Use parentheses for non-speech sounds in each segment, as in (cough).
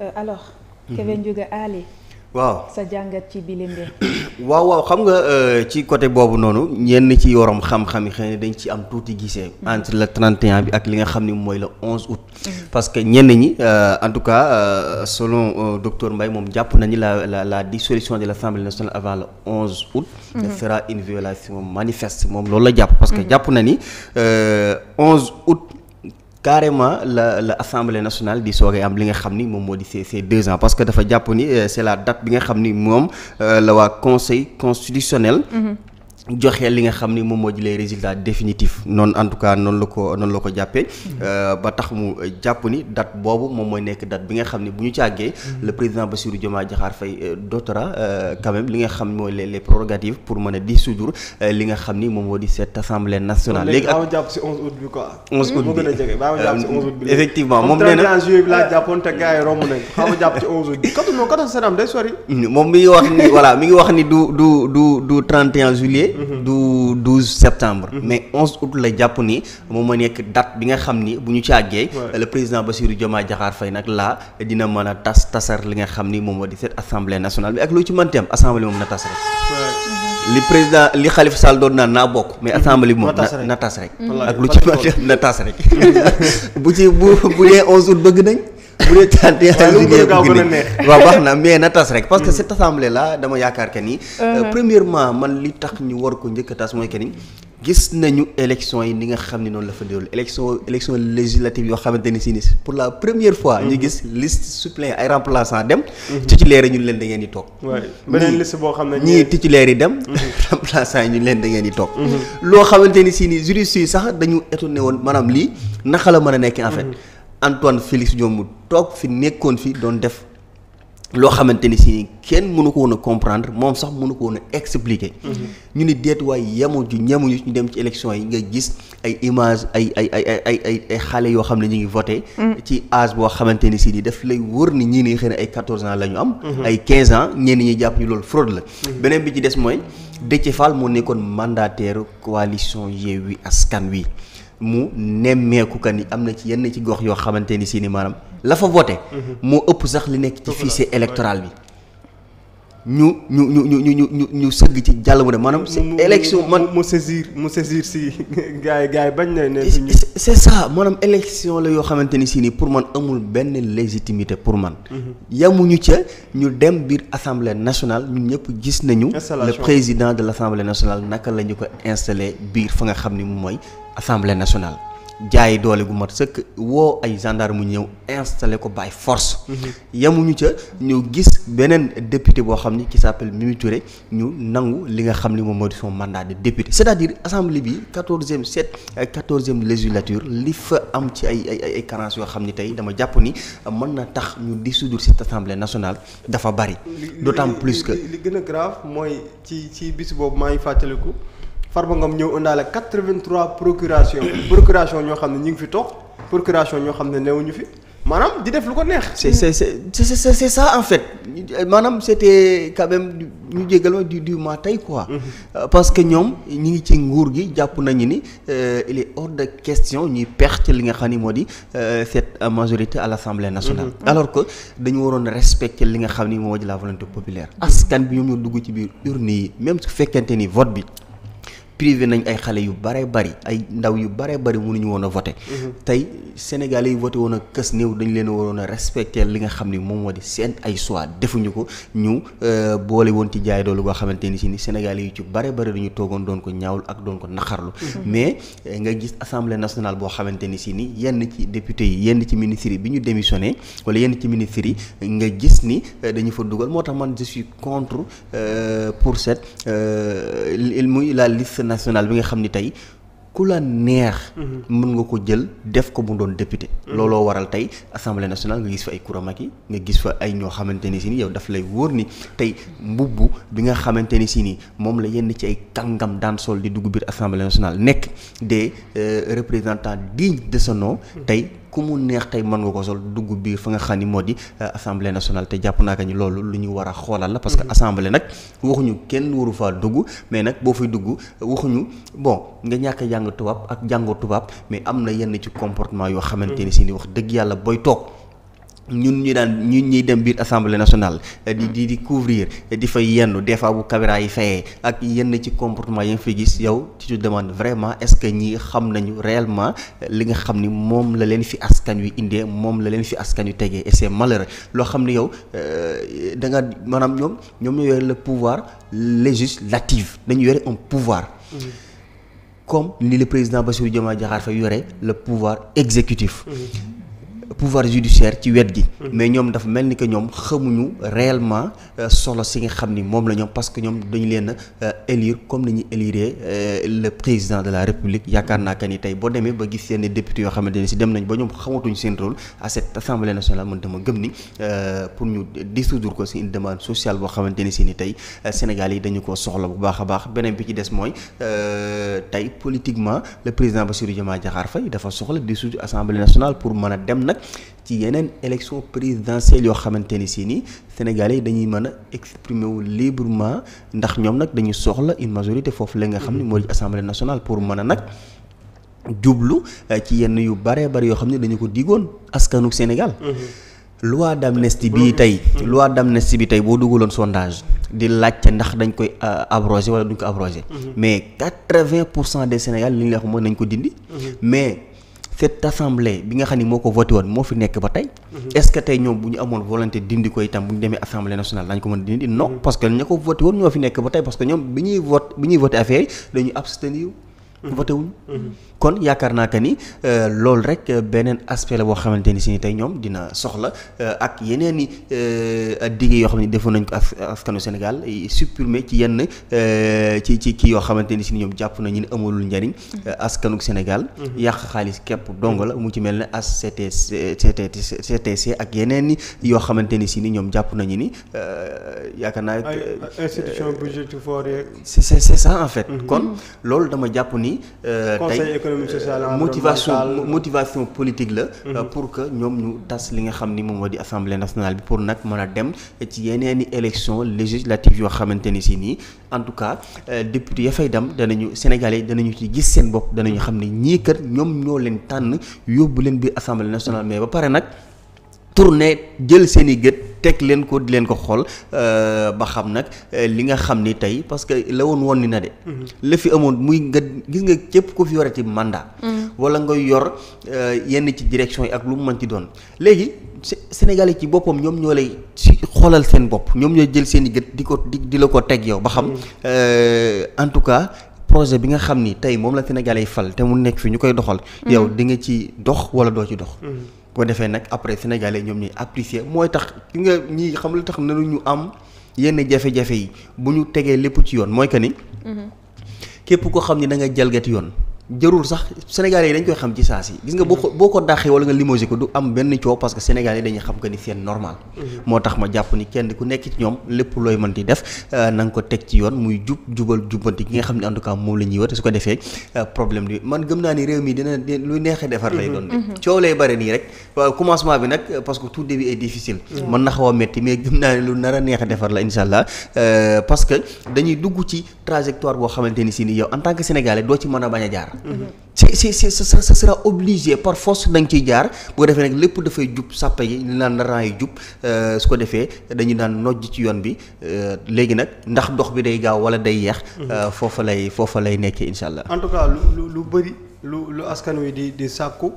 Euh, alors. Mhm. Kébé Ndiouga Ali. waaw sa jàngat ci bile mbir. (coughs) waaw waaw xam nga euh, ci côté boobu noonu ñenn ci yorom xam-xam yi xëy na dañ ci am tuuti gisee. Mhm. entre le 31 bi ak li nga xam ni mooy la 11 août. Mhm. parce que ñenn ñi euh, en tout cas selon docteur mbay moom jàpp nañu la la la dissolution de l'Assemblée nationale avant le 11 août. fera une violation manifeste moom loolu la jàpp. parce que jàpp na ni 11 août. carrément la la assemblée nationale di soogee am li nga xam ni moom moo di ces ces deux ans parce que dafa jàpp ni euh, c'est la date bi nga xam ni moom euh, la waa conseil constitutionnel. Mm-hmm. joxe li nga xam ni moom moo ji les résultats définitifs noonu en tout cas noonu la ko noonu la ko jàppee mm-hmm. euh, ba tax mu jàpp ni date boobu moom mooy nekk date bi nga xam ni bu ñu ci àggee mm-hmm. le président Bassirou Diomaye Diakhar Faye euh, dootara euh, quand même li nga xam mooy les les prérogatives pour mën a li nga xam ni moom moo di cette assemblée nationale. léegi ak léegi jàpp si 11 août bi quoi. a jege baaw jàpp moom nee na juillet bi ah. mi ngi wax ni voilà mi ngi wax ni du du du du 31 juillet. Mm-hmm. du 12 septembre. Mm-hmm. mais 11 août la jàpp ni moom moo nekk date bi nga xam ni bu ñu ci àggee. le président Bassirou Diomaye Diakhar Faye nag laa dina mën a tas tasar li nga xam ni moom moo di cette assemblée nationale bi ak lu ci mënti am assemblée moom na rek. li président li Khalifa Sall doon naan naa bokk. mais mm-hmm. assemblée bi moom na tas rek. ak lu ci na tas rek. (laughs) bu ci bu bu dee 11 août bëgg nañ. bu dee trente et un na mais na tas rek parce que hmm. cette assemblée là dama yaakaar que ni eh, premièrement man li tax ñu war ko njëkk a tas mooy que ni gis nañu élection yi ni nga xam ne noonu la fa déroulé élection élection législative yoo xamante ni si ni pour la première fois ñu gis liste suppléant ay remplaçant dem titulaire yi ñu leen da ngeen di toog beneen liste boo xam ne ñii titulaire yi dem remplaçant yi da ngeen di toog loo xamante ni si yi sax dañu étonné woon maanaam lii naka la mën a nekk en Antoine Félix Diome mu toog fi nekkoon fi doon def loo xamante ni si kenn mënu ko woon a comprendre moom sax mënu ko woon a expliquer. Mhm. ñu ni deet waay yamu ju ñamuñu ñu dem ci élection yi nga gis ay image ay ay ay ay ay ay xale yoo xam ne ñu ngi voté. Mhm. ci âge boo xamante ni si daf lay wër ni ñii nii xëy na ay 14 ans la ñu am. Mhm. ay 15 ans ñenn ñu jàpp ñu loolu fraude la. beneen bi ci des mooy Déthié moo nekkoon mandataire coalition Yewwi Askan Wi. mu nemmeeku ka ni am na ci yenn ci gox yoo xamante ni si ni lafa la mhm. moo ëpp sax li nekk ci fichier électoral bi. ñu ñu ñu ñu ñu ñu ñu sëgg ci jàll mu dem maanaam. si élection man mu saisir mu saisir si (laughs) gaay yi gars bañ na ne. c'est ça yoo xamante ni si nii pour man amul benn légitimité pour man. Mhm. yamuñu ca ñu dem biir assemblée nationale ñun ñëpp gis nañu. le président de l' assemblée nationale naka la ñu ko installé biir fa nga xam ni moom mooy assemblée nationale. jaay doole gu mat sëkk woo ay gendarme mu ñëw installé ko by force. Mhm. yamuñu ca ñëw gis beneen député boo xam ni ci s'appelle Mimi Touré ñu nangu li nga xam ni moom moo di son mandat de député. c'est-à-dire assemblée bi quatorzième sept quatorzième législature li fa am ci ay ay ay carence yoo xam ni tey dama jàpp ni mën na tax ñu dissoudre cette assemblée nationale dafa bari. d'autant plus que li gën a mooy ci ci bis boobu maa ngi ko Farba Ngom ñëw indaale 83 procuration procuration ñoo xam ne ñu ngi fi toog procuration ñoo xam ne newuñu fi maanaam di def lu ko neex. ça en fait maanaam c'était quand ñu jégal ma du du tey quoi. Mm-hmm. Euh, parce que ñoom ñi ngi ci nguur gi jàpp nañu ni euh, il est hors de question ñuy perte li nga xam ni moo di euh, cette majorité à l'Assemblée nationale. Mm-hmm. alors que dañu waroon respecter li nga xam ni moo di la volonté populaire. askan bi ñoom ñoo dugg ci biir urne yi même su fekkente ni vote bi. privé nañ ay xale yu bare bari ay ndaw yu bare bari mënuñu woon a voté mhm. tey sénégalais yi voté woon a kës néew dañ li nga xam ni moom moo di seen ay choix defuñu ko ñu euh, boole woon ci jaay doolu ni si ni sénégalais yu ci bare bari dañu toogoon doon mhm. euh, boo xamante ni si ni yenn ci député yi yenn ci ministres yi bi ñu démissionné wala yenn ci ministres yi nga gis ni euh, dañu fa dugal moo tax man je contre pour cette muy la liste national bi nga xam ni tey ku la neex. Mhm. mën nga ko jël def ko mu doon député. Mhm. looloo waral tey assemblée nationale nga gis fa ay kuramaki nga gis fa ay ñoo xamante ni si ni yow dafa lay wóor ni tey mbubb bi nga xamante ni si ni moom la yenn ci ay kàngam daan sol di dugg biir assemblée nationale nekk des euh, représentants dignes de ce ku mu neex tey mën nga ko sol dugg biir fa nga xam ni moo di euh, assemblée nationale te jàpp naa ko ni loolu lu ñu war a xoolal la parce que mm-hmm. assemblée nag waxuñu kenn waru faa dugg mais nag boo fay dugg waxuñu bon nga ñàkk a jàng tubaab ak jàngoo tubaab mais am na yenn ci comportement yoo xamante ni mm-hmm. si ni wax dëgg yàlla booy toog ñun ñu daan ñun ñuy dem biir assemblée nationale eh, di di di couvrir eh, di fay yenn des fois bu caméra yi fayee ak yenn ci comportement yi nga fi gis yow ci demande vraiment est-ce que ñi xam nañu réellement eh, li nga xam ni moom la leen fi askan wi indee moom la leen fi askan wi tegee et c'est malheureux loo xam ni yow da nga maanaam ñoom ñoom ñoo yore le pouvoir législatif dañu yore un pouvoir. Mm-hmm. comme ni le président Bassirou Diomaye Diakhar Faye yore le pouvoir exécutif. Mm-hmm. pouvoir judiciaire ci wet gi. Mm-hmm. mais ñoom dafa mel ni que ñoom xamuñu réellement euh, solo si nga xam ni moom la ñoom parce que ñoom dañu leen a euh, élire comme ni ñu élire euh, le président de la république yaakaar naa que ni tey boo demee ba gis seen député yoo xamante ne si dem nañ ba ñoom xamatuñ seen rôle à cette assemblée nationale man dama gëm ni pour ñu dissoudre ko si une demande sociale boo xamante ni si ni tey Sénégal yi dañu ko soxla bu baax a baax beneen bi ci des mooy tey politiquement le président Bassirou Diomaye Diakhar Faye dafa soxla dissoudre pour mën a dem nag. ci yeneen élection présidentielle yoo xamante ni nii ni Sénégalais yi dañuy mën a exprimer wu librement ndax ñoom nag dañuy soxla une majorité foofu la nga xam ne moo di assemblée nationale pour mën a nag jublu euh, ci yenn yu bare bare yoo xam ne dañu ko digoon askanu Sénégal. Mm-hmm. loi d'amnistie bi tey. loi d'amnistie bi tey boo dugaloon sondage di laajte ndax dañ koy euh, abrogé wala duñ ko abrogé. Mm-hmm. mais quatre pour cent des Sénégal li la wax nañ ko dindi. Mm-hmm. mais cette assemblée bi nga xam ni moo ko voté woon moo fi nekk ba tey. Mhm. est ñoom bu ñu amoon volonté dindi ko itam bu ñu demee assemblée nationale dañ ko mën dindi non mhm. parce que ña ko voté woon ñoo fi nekk ba tey parce que ñoom bi ñuy vote bi ñuy voté affaire yi dañu abstenir mhm. voté kon yaakaar naa que ni euh, loolu rek euh, beneen aspect la boo xamante ni si nii tey ñoom dina soxla euh, ak yeneen i digg yoo xam ne defoon nañ ko askanu Sénégal supprimer ci yenn ci ci kii yoo xamante ni si ñoom jàpp nañu ne amulul njariñ askanu Sénégal. Mhm. xaalis képp dong la mu ci mel ne HCTC CTC ak yeneen i yoo xamante ni si ni ñoom jàpp nañu ni yaakaar naa. institution en fait. Mhm. kon loolu dama jàpp ni. tey économique euh, motivation motivation la. Euh, pour que ñoom ñu tas li nga xam ni moom moo di assemblée nationale bi pour nag mën a dem ci yeneen i élection législative yoo xamante ni si nii en tout cas euh, député ya fay dem danañu sénégalais danañu ci gis seen bopp danañu xam ne ñii kër ñoom ñoo leen tànn yóbbu leen biir assemblée nationale mais ba pare nag. tourné jël seen i gët teg leen ko di leen ko xool euh, ba xam nag euh, li nga xam ni tey parce que la woon woon ni na de mhm. la fi amoon muy nga gis nga képp ko fi yorati mandat mhm. wala nga yor euh, yenn ci direction yi ak lu mu mën ci doon léegi Sénégalais ci boppam ñoom ñoo lay ci xoolal seen bopp ñoom ñoo jël seen i gët di ko di di la ko teg yow ba xam mhm. en tout cas projet bi nga xam ni tey moom la Sénégalais yi fal te mu nekk fi ñu koy doxal yow di nga ci dox wala doo ci dox ko defee nag après sénégalais ñoom ñuy apprécier mooy tax ki nga ñii xam lu tax nanu ñu am yenn jafe-jafe yi bu ñu tegee lépp ci yoon mooy que ni. Mhm. képp ko xam ni da nga jalgati yoon. jërul sax sénégalais yi dañ koy xam ci saa si gis nga boo ko mm-hmm. boo ko dàqee wala nga limogé ko du am benn coow parce que sénégalais dañuy xam que ni seen normal mm-hmm. moo tax ma jàpp ni kenn ku nekk ci ñoom lépp looy man di def euh, na ko teg ci yoon muy jub jubal jubbanti ki nga xam ne en tout cas moom la ñuy wër su ko defee euh, problème bi man gëm naa ni réew mi dina lu neexee defar lay doon mm-hmm. bare nii rek commencement bi nag euh, parce que tout début est difficile mën a métti mais gëm naa ni lu nar a neexe defar la insha allah que dañuy dugg ci trajectoire boo xamante ni si ni yow en tant ci mën a bañ a jaar c'est c'est c'est ça ça sera obligé par force da nga jaar bu defee nag lépp dafay jub sàppa yi naan rang yi jub euh, su ko defee dañu naan nojj ci yoon bi euh, léegi nag ndax dox bi day gaaw wala day yeex mhm. euh, foofa lay foofa lay nekkee incha allah. en lu lu lu lu askan wi di di sàkku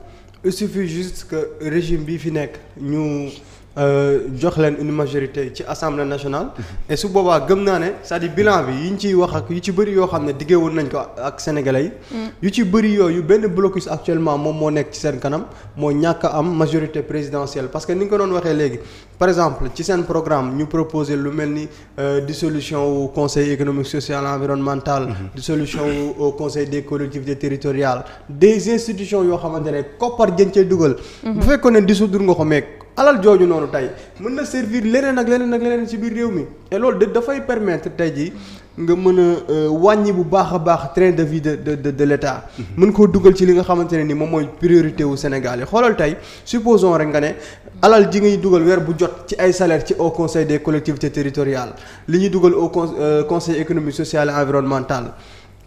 régime bi fi nekk ñu. Euh, jox leen une majorité ci assemblée nationale et su boobaa gëm naa ne cest à bilan bi yi ñu ciy wax ak yu ci bëri yoo xam ne diggee woon nañ ko ak sénégalais yi. Mm. yu ci bëri yooyu benn blocus actuellement moom moo nekk ci seen kanam moo ñàkk am majorité présidentielle parce que ni nga ko doon waxee léegi par exemple ci seen programme ñu proposer lu mel ni euh, dissolution au conseil économique social environnemental. Mm-hmm. dissolution au conseil des collectivités territoriales des institutions yoo xamante ne koppar jën cee dugal. Mm-hmm. bu fekkoon ne dissoudre nga ko meeg. alal jooju noonu tey mën na servir leneen ak leneen ak leneen ci biir réew mi et loolu da dafay permetre tey jii nga mën a euh, wàññi bu baax a baax train de vie de de de de mhm. mën koo dugal ci li nga xamante ne ni moom mooy priorité wu Sénégal yi xoolal tey supposons rek nga ne alal ji ngay dugal weer bu jot ci ay salaire ci au conseil des collectivité territoriales li ñuy dugal au euh, conseil économie social et environnemental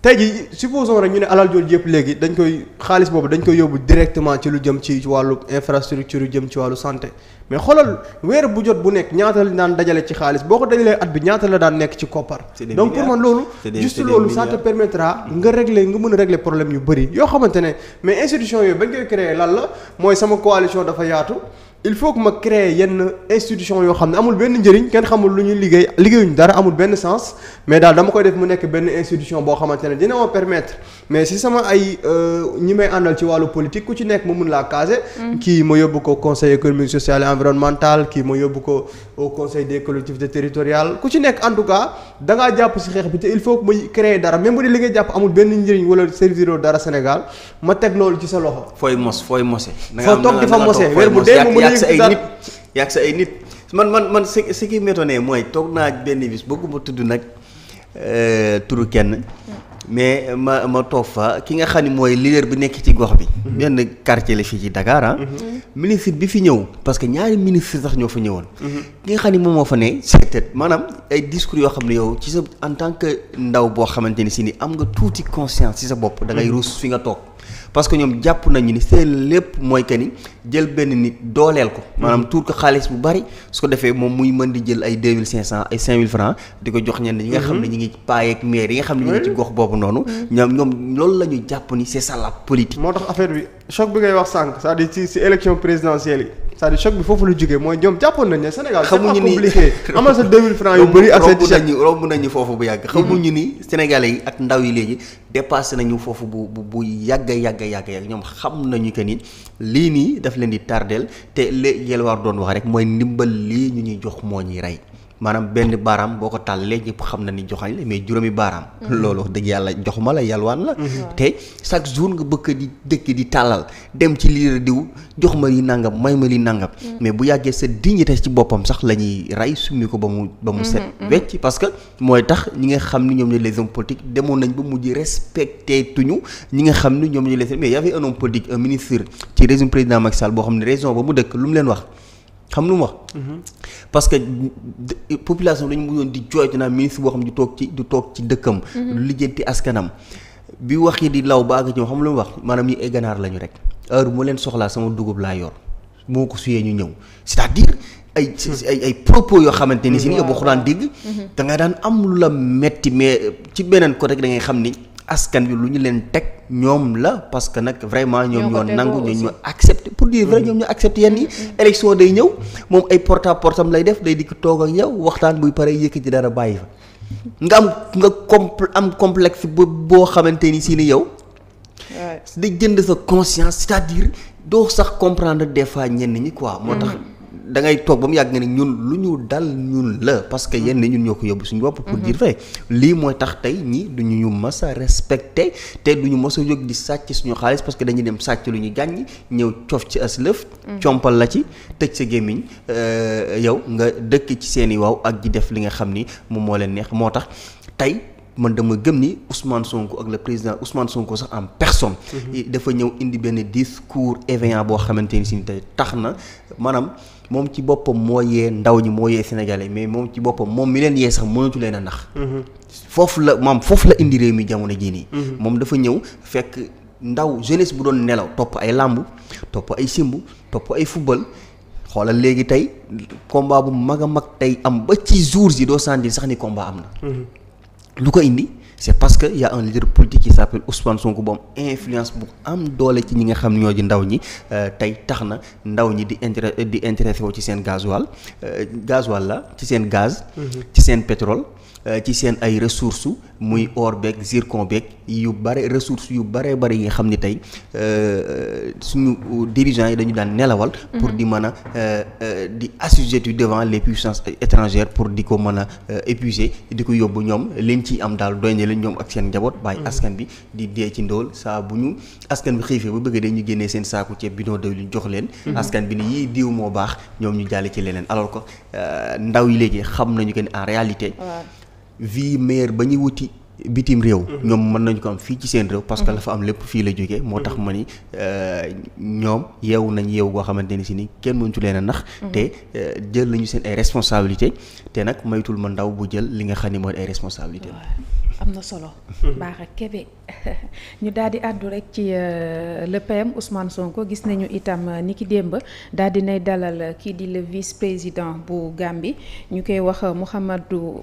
tey jii supposons rek ñu ne alal jooju yëpp léegi dañ koy xaalis boobu dañ koy yóbbu directement ci lu jëm ci wàllu infrastructure yu jëm ci wàllu santé mais xoolal weer bu jot bu nekk ñaata la daan dajale ci xaalis boo ko dajalee at bi ñaata la daan nekk ci koppar donc pour man loolu juste loolu ça te permettra nga régler nga mën a régler problème yu bëri yoo xamante ne mais institution yooyu bañ koy créer lan la mooy sama coalition dafa yaatu il faut que ma créer yenn institution yoo xam ne amul benn njëriñ kenn xamul lu ñuy liggéey liggéeyuñu dara amul benn sens mais daal dama koy def mu nekk benn institution boo xamante ne dina ma permettre mais si sama ay euh, ñi may àndal ci wàllu politique ku ci nekk ma mun laa caser. Mm. kii ma yóbbu ko conseil économique social et environnemental kii ma yóbbu ko au conseil des collectivités territoriales ku ci nekk en tout cas da ngaa jàpp si xeex bi te il faut que may créer dara même bu dee li nga jàpp amul benn njëriñ wala servir dara Sénégal ma teg loolu ci sa loxo. fooy mos fooy mose. da nga am da nga toog di fa mose weer bu dee sa ay nit yàgg sa ay nit man man man ce ce qui mooy toog naa benn bis bëgguma tudd nag euh, turu kenn mais ma ma toog fa ki nga xam ne mooy leader bi nekk ci gox bi. benn quartier la fii ci Dakar ah. ministre bi fi ñëw parce que ñaari ministre sax ñoo fa ñëwoon. ki nga xam ne moom moo fa ne c'est maanaam ay discours yoo xam ne yow ci sa en tant que ndaw boo xamante ni si ni am nga tuuti conscience ci sa bopp. da ngay mm-hmm. ruus fi nga toog. parce que ñoom jàpp nañu ni seen lépp mooy que ni jël benn nit dooleel ko maanaam mm-hmm. tuur ko xaalis bu bari su ko defee moom muy mën di jël ay deux mille cinq cent ay cinq mille francs di ko jox ñenn ñi nga xam ne mm-hmm. ñi ngi paay ak maire yi nga xam ne ñi ngi ci gox boobu noonu mm-hmm. ñoom ñoom loolu la ñu jàpp ni c'est ça la politique moo tax affaire bi choc bi ngay wax sànq c'est-à-dire ci ci présidentielle yi c'est-à-dire bi foofu la jógee mooy ñoom jàppoon nañ ne Sénégal xamuñu ni compliqué (laughs) amal sa 2000 francs yu bëri ak seen t-shirt nañu romb nañu foofu bu yàgg xamuñu ni sénégalais yi ak ndaw yi léegi dépassé nañu foofu bu bu bu yàgg yàgg yàgg yàgg ñoom xam nañu que ni lii nii daf leen di tardeel te lé yelwaar doon wax rek mooy ndimbal lii ñu ñuy jox moo ñuy rey maanaam benn baaraam boo ko tàll tàllee ñëpp xam na ni joxañ la mais juróomi baaraam. Mm-hmm. loolu wax dëgg yàlla jox ma la waan la. Mm-hmm. te chaque jour nga bëgg di dëkk di tàllal dem ci lii diw jox ma li nangam may ma li nangam. Mm-hmm. mais bu yàggee sa dignité ci boppam sax la ñuy rey summi ko ba mu ba mu set. wecc parce que mooy tax ñi nga xam ni ñoom ñu les hommes politiques demoon nañ ba mujj respecté tuñu ñi nga xam ni ñoom ñooy les mais y avait un homme politique un ministre ci régime président Macky boo xam ne raison ba mu dëkk lu mu leen wax xam lu mu wax. parce que population dañu mujjoon di jooytu naa ministre boo xam di toog ci di toog ci dëkkam. lu mhm. lijjanti askanam. bi wax yi di law ba àgg ci xam lu wax maanaam ñi ganaar lañu rek heure ma leen soxlaa sama dugub laa yor moo ko suyee ñu ñëw c'est-à-dire ay mhm. ay propos yoo xamante ni si ni boo ko daan dégg. Mhm. da nga daan am lu la metti mais ci beneen côté da ngay xam ni. askan wi lu ñu leen teg ñoom la parce que nag vraiment ñoom ñoo nangu ñoom ñoo accepté pour dire vrai ñoom ñu accepté yenn yi mm-hmm. élection day ñëw moom ay porte à am lay def day dikk toog ak yow waxtaan buy pare yëkkati dara bàyyi fa nga am nga compl am complexe bu boo xamante ni si ni yow da jënd sa conscience c'est-à-dire doo sax comprendre des fois ñenn ñi quoi moo mm-hmm. tax da ngay toog ba mu yàgg nga ne ñun lu ñu dal ñun la parce que yenn ñun ñoo ko yóbbu suñu bopp. pour mhm. dire vrai lii mooy tax tey ñi du ñu ma sa respecté te du ñu mës a jóg di sàcc suñu xaalis parce que dañuy dem sàcc lu ñu gàññ ñëw cof ci as lëf. Mhm. compal la ci tëj sa gémmiñ euh, yow nga dëkk ci seen i waaw ak di def li nga xam ni moom moo leen neex moo tax tey. man dama gëm ni Ousmane Sonko ak le président Ousmane Sonko sax am personne. Mhm. dafa ñëw indi benn discours éveillant boo xamante ni si tax na maanaam. moom ci boppam moo yee ndaw ñi moo yee sénégalais mais moom ci boppam moom mi leen yee sax mënatu leen a nax. Mhm. foofu la maam foofu la indi réew mi jamono jii nii. Mhm. moom dafa ñëw fekk ndaw jeunesse bu doon nelaw topp ay làmb topp ay simb topp ay football. xoolal léegi tey combat bu mag a mag tey am ba ci jours yi doo sentir sax ni komba am na. Mhm. lu ko indi. c'est parce que y a un leader politique qui s'appelle Ousmane Sonko bu am influence bu am doole ci ñi nga xam ñoo ji ndaw ñi euh, tey tax na ndaw ñi di intéressé di intéressé woo ci seen gasoil euh, gasoil la ci seen gaz mhm. ci seen pétrole Euh, ci seen ay ressources muy or beeg zircon beeg yu bare ressource yu bare bare yi nga xam ni tey euh, suñu dirigeants yi dañu daan nelawal. pour mhm. di mën a euh, di assujettu devant les puissances étrangères pour di ko mën a épuiser di ko yóbbu ñoom liñ ci am daal doy na leen ñoom ak seen njaboot. bàyyi mhm. askan bi di dee ci ndóol saa bu ñu askan bi xiifee bu bëgg ñu génnee seen saaku ceeb bi noo doy lu jox leen. Mhm. askan bi ni yii diw moo baax ñoom ñu jàll ci leneen alors que ndaw yi léegi xam nañu que en réalité. vie meilleure ba ñuy wuti bitim réew. Mhm. ñoom mën nañu ko am fii ci seen réew. parce que la mhm. fa am lépp fii la jógee. moo tax mhm. ma ni euh, ñoom yeewu nañ yeewu goo xamante ni si ni kenn mëntu leen a nax. te euh, jël nañu seen ay responsabilités te nag maytul ma ndaw bu jël li nga xam ne mooy ay responsabilités. am na solo. baax ak Kébé (laughs) ñu daal di àddu rek ci euh, le PM Ousmane Sonko gis nañu itam ni ki démb daal di nay dalal kii di le vice président bu Gambie ñu koy wax Mouhamadou